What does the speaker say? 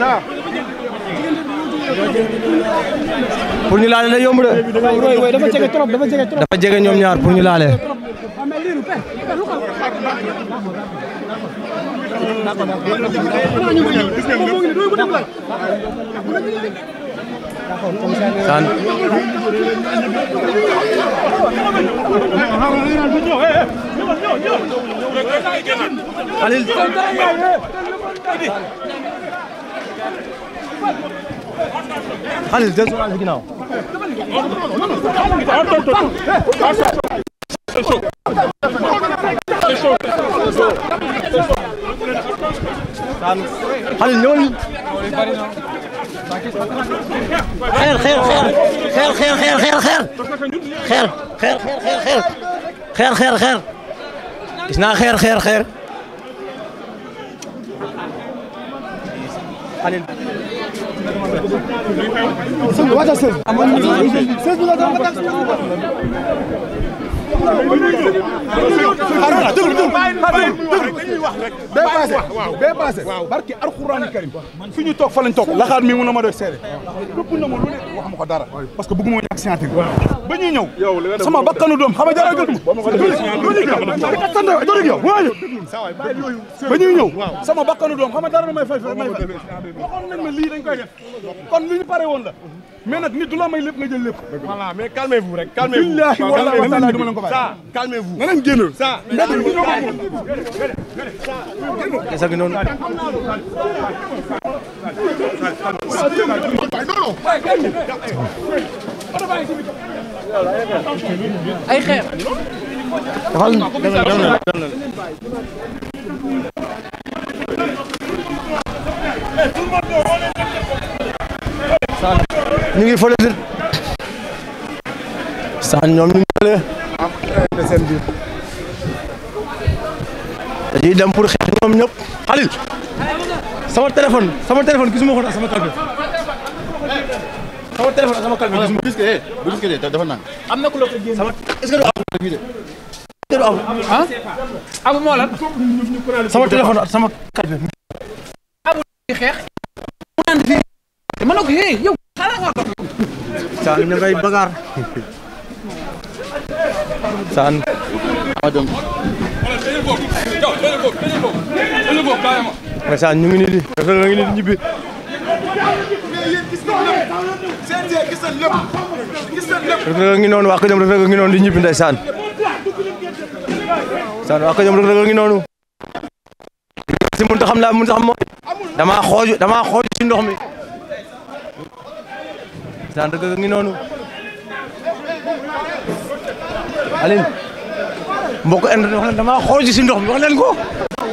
ça pour ñu laale la yomb de. dafa jege trop dafa jege trop. dafa jege ñoom ñaar pour ñu laale. san Xalil jël sama ci ginnaaw. Xalil ñëwal. Xeer xeer xeer xeer xeer xeer xeer xeer xeer xeer xeer xeer xeer gis naa xeer xeer xeer Xalil sëñ wàccal sëñ sëñ bi la doon ba tax bee paase bee paase barki alxuraani karim fi ñu toog fa toog laxaat mi mun ma doy seere lépp na ma lu ne wax ma ko dara parce que bëgguma ñàkk scientifique ba ñuy ñëw sama bakkanu doom xam nga jaral gëdum doolig yow waaye ba ñuy ñëw sama bakkanu doom xam nga dara may fay fay may fay waxoon nañ ma lii dañ koy def kon li ñu pare woon may lépp nga jël lépp voilà mais calmez vous rek calmez vous billahi wallahi wa taala gis nga noonu. ay xeer. dafa dem na dem na dem na. ñu ngi fële. Sane ñoom ñu dañuy dem pour xeex ñoom ñëpp xalil sama téléphone sama téléphone gisuma ko sama calme sama téléphone sama calme gisuma gis que bu am na ku la ko génn sama est abu ah? moo lan sama téléphone sama calme abu xeex mu naan fi eh, ma ne ko hey yow xala nga ko sa ndeysaan ñu ngi nii di ndeysaan ñu ngi nii di ñibbi. Reug Reug ngi noonu waa ko jëm Reug Reug ngi noonu di ñibbi ndeysaan. ndeysaan waa ko jëm Reug Reug ngi noonu. si xam laa mënut mooy damaa xooju damaa xooju si ndox mi. ndeysaan Reug Reug ngi noonu. Aline mbokk indi wax na damaa xooju si ndox mi leen ko.